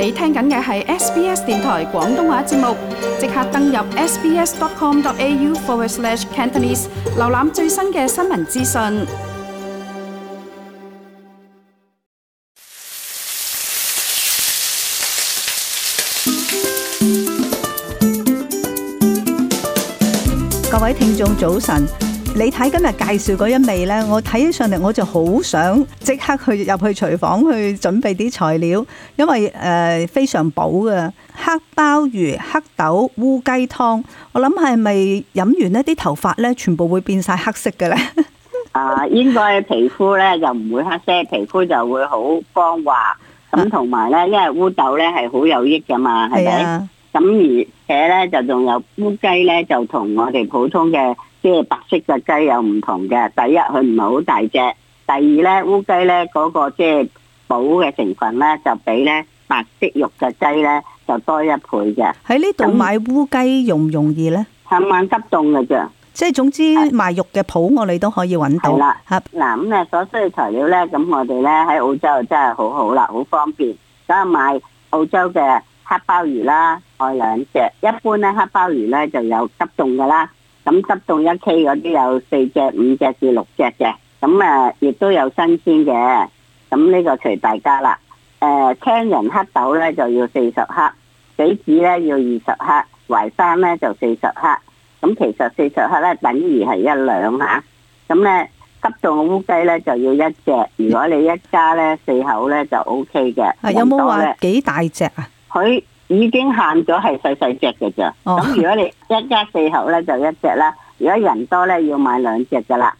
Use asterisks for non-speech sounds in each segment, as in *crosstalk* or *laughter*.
你聽緊嘅係 SBS 電台廣東話節目，即刻登入 sbs.com.au/cantonese 瀏覽最新嘅新聞資訊。各位聽眾，早晨。你睇今日介紹嗰一味呢，我睇起上嚟我就好想即刻去入去廚房去準備啲材料，因為誒、呃、非常補噶黑鮑魚、黑豆、烏雞湯，我諗係咪飲完呢啲頭髮呢，全部會變晒黑色嘅咧？ *laughs* 啊，應該皮膚呢就唔會黑色，皮膚就會好光滑。咁同埋呢，因為烏豆呢係好有益噶嘛，係咪？咁、啊、而且呢，就仲有烏雞呢，就同我哋普通嘅。即係白色嘅雞有唔同嘅，第一，佢唔係好大隻，第二咧烏雞咧嗰個即係補嘅成分咧就比咧白色肉嘅雞咧就多一倍嘅。喺呢度買烏雞容唔容易咧？係買那急凍嘅啫，即係總之、啊、賣肉嘅鋪我哋都可以搵到啦。嗱咁的啊所需嘅材料咧，咁我哋咧喺澳洲真係好好啦，好方便。咁啊買澳洲嘅黑鮑魚啦，買兩隻。一般咧黑鮑魚咧就有急凍嘅啦。咁急凍一 K 嗰啲有四隻、五隻至六隻嘅，咁啊，亦都有新鮮嘅。咁呢個隨大家啦，誒、呃、青仁黑豆呢就要四十克，杞子呢要二十克，淮山呢就四十克。咁其實四十克呢等於係一兩吓。咁呢急凍烏雞呢就要一隻，如果你一家呢四口呢就 O K 嘅。有冇話幾大隻啊？佢。已經限咗係細細隻嘅咋。咁、oh. 如果你一家四口咧就一隻啦，如果人多咧要買兩隻噶啦，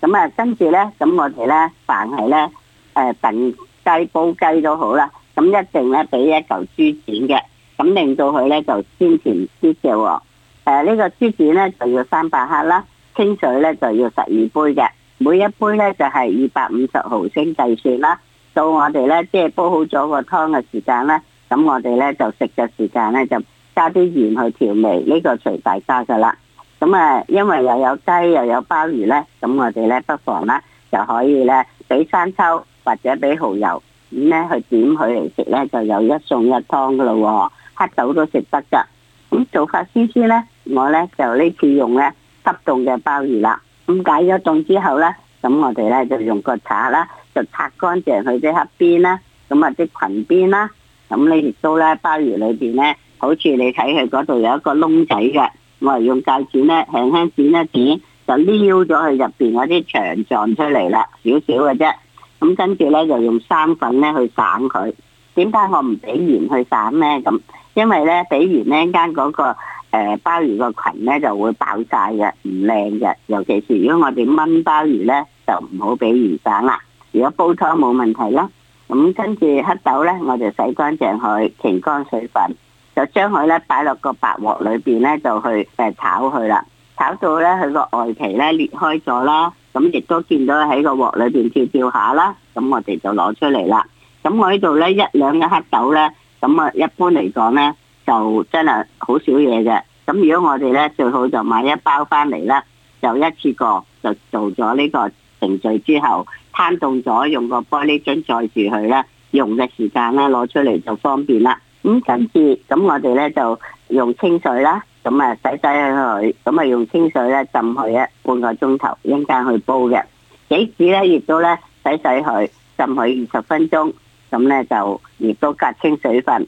咁啊跟住咧咁我哋咧凡係咧誒、燉雞煲雞都好啦，咁一定咧俾一嚿豬展嘅，咁令到佢咧就鮮甜啲嘅，誒、呃、呢、這個豬展咧就要三百克啦，清水咧就要十二杯嘅，每一杯咧就係二百五十毫升計算啦，到我哋咧即係煲好咗個湯嘅時間咧，咁我哋咧就食嘅時間咧就加啲鹽去調味，呢、這個隨大家噶啦。咁啊，因為又有雞又有鮑魚咧，咁我哋咧不妨咧就可以咧俾生抽或者俾蠔油咁咧、嗯、去點佢嚟食咧，就有一餸一湯噶咯。黑豆都食得噶。咁做法先先咧，我咧就呢次用咧急凍嘅鮑魚啦。咁解咗凍之後咧，咁我哋咧就用個刷啦，就擦乾淨佢啲黑邊啦，咁啊啲裙邊啦。咁你亦都咧，鮑魚裏邊咧，好似你睇佢嗰度有一個窿仔嘅，我係用鉸剪咧，輕輕剪一剪，就撩咗佢入邊嗰啲腸臟出嚟啦，少少嘅啫。咁跟住咧，就用生粉咧去散佢。點解我唔俾鹽去散咧？咁因為咧，俾鹽呢間嗰、那個誒鮑魚個裙咧就會爆晒嘅，唔靚嘅。尤其是如果我哋炆鮑魚咧，就唔好俾鹽散啦。如果煲湯冇問題咯。咁跟住黑豆呢，我哋洗乾淨佢，乾乾水分，就將佢呢擺落個白鑊裏邊呢，就去誒炒佢啦。炒到呢，佢個外皮呢裂開咗啦，咁亦都見到喺個鑊裏邊跳跳下啦。咁我哋就攞出嚟啦。咁我呢度呢，一兩粒黑豆呢，咁啊一般嚟講呢，就真係好少嘢嘅。咁如果我哋呢，最好就買一包翻嚟啦，就一次過就做咗呢個程序之後。攤凍咗，用個玻璃樽載住佢咧，用嘅時間咧攞出嚟就方便啦。咁、嗯、今次咁我哋咧就用清水啦，咁啊洗洗佢，咁啊用清水咧浸佢一半個鐘頭，應間去煲嘅。幾次咧亦都咧洗洗佢，浸佢二十分鐘，咁咧就亦都隔清水分，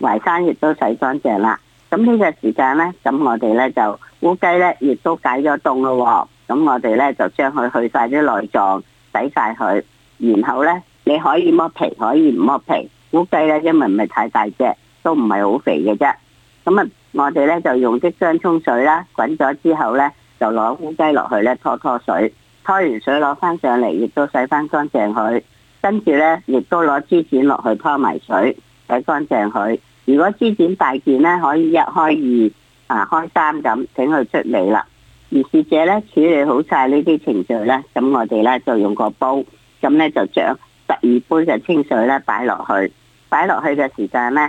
淮山亦都洗乾淨啦。咁呢個時間咧，咁我哋咧就烏雞咧亦都解咗凍咯喎。咁我哋咧就將佢去晒啲內臟。洗晒佢，然後呢，你可以剝皮，可以唔剝皮。烏雞呢，因為唔係太大隻，都唔係好肥嘅啫。咁啊，我哋呢，就用即薑蔥水啦，滾咗之後呢，就攞烏雞落去呢，拖拖水，拖完水攞翻上嚟，亦都洗翻乾淨佢。跟住呢，亦都攞豬腱落去拖埋水，洗乾淨佢。如果豬腱大件呢，可以一開二啊，開三咁整佢出嚟啦。而侍者咧處理好晒呢啲程序咧，咁我哋咧就用個煲，咁咧就將十二杯嘅清水咧擺落去，擺落去嘅時間咧，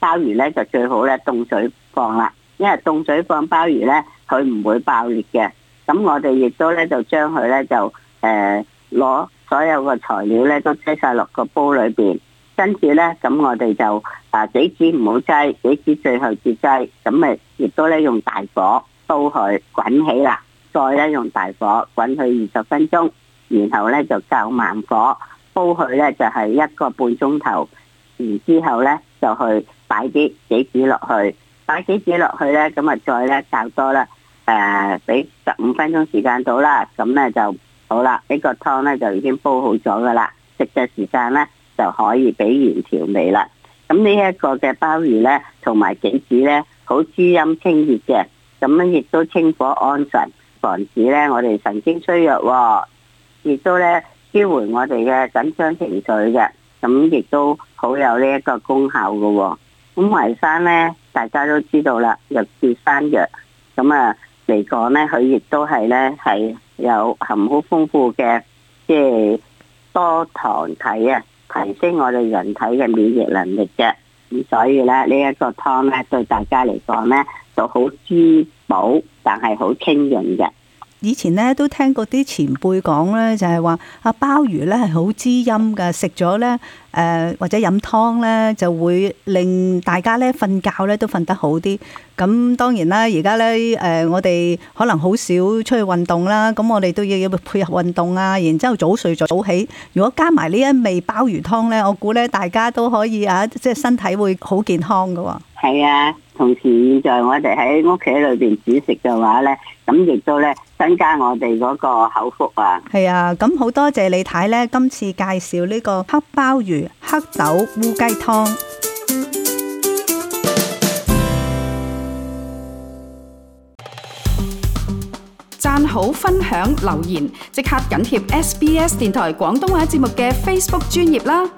鮑魚咧就最好咧凍水放啦，因為凍水放鮑魚咧佢唔會爆裂嘅。咁我哋亦都咧就將佢咧就誒攞、呃、所有嘅材料咧都擠晒落個煲裏邊，跟住咧咁我哋就啊杞子唔好擠，杞子最後再擠，咁咪亦都咧用大火。煲佢滾起啦，再咧用大火滾佢二十分鐘，然後咧就較慢火煲佢咧就係一個半鐘頭，然之後咧就去擺啲杞子落去，擺杞子落去咧咁啊再咧較多啦，誒俾十五分鐘時間到啦，咁咧就好啦，呢個湯咧就已經煲好咗噶啦，食嘅時間咧就可以俾鹽調味啦，咁呢一個嘅鮑魚咧同埋杞子咧好滋陰清熱嘅。咁樣亦都清火安神，防止咧我哋神經衰弱，亦都咧舒緩我哋嘅緊張情緒嘅。咁亦都好有呢一個功效嘅。咁淮山咧，大家都知道啦，又字山藥。咁啊嚟講咧，佢亦都係咧係有含好豐富嘅即係多糖體啊，提升我哋人體嘅免疫能力嘅。咁所以咧呢一個湯咧對大家嚟講咧，就好滋補，但係好清潤嘅。以前咧都聽過啲前輩講咧，就係話阿鮑魚咧係好滋陰噶，食咗咧誒或者飲湯咧就會令大家咧瞓覺咧都瞓得好啲。咁當然啦，而家咧誒我哋可能好少出去運動啦，咁我哋都要要配合運動啊。然之後早睡早起，如果加埋呢一味鮑魚湯咧，我估咧大家都可以啊，即係身體會好健康噶。係啊，同時在我哋喺屋企裏邊煮食嘅話咧，咁亦都咧增加我哋嗰個口福啊！係啊，咁好多謝李太咧，今次介紹呢個黑鮑魚黑豆烏雞湯，讚好分享留言，即刻緊貼 SBS 電台廣東話節目嘅 Facebook 專頁啦！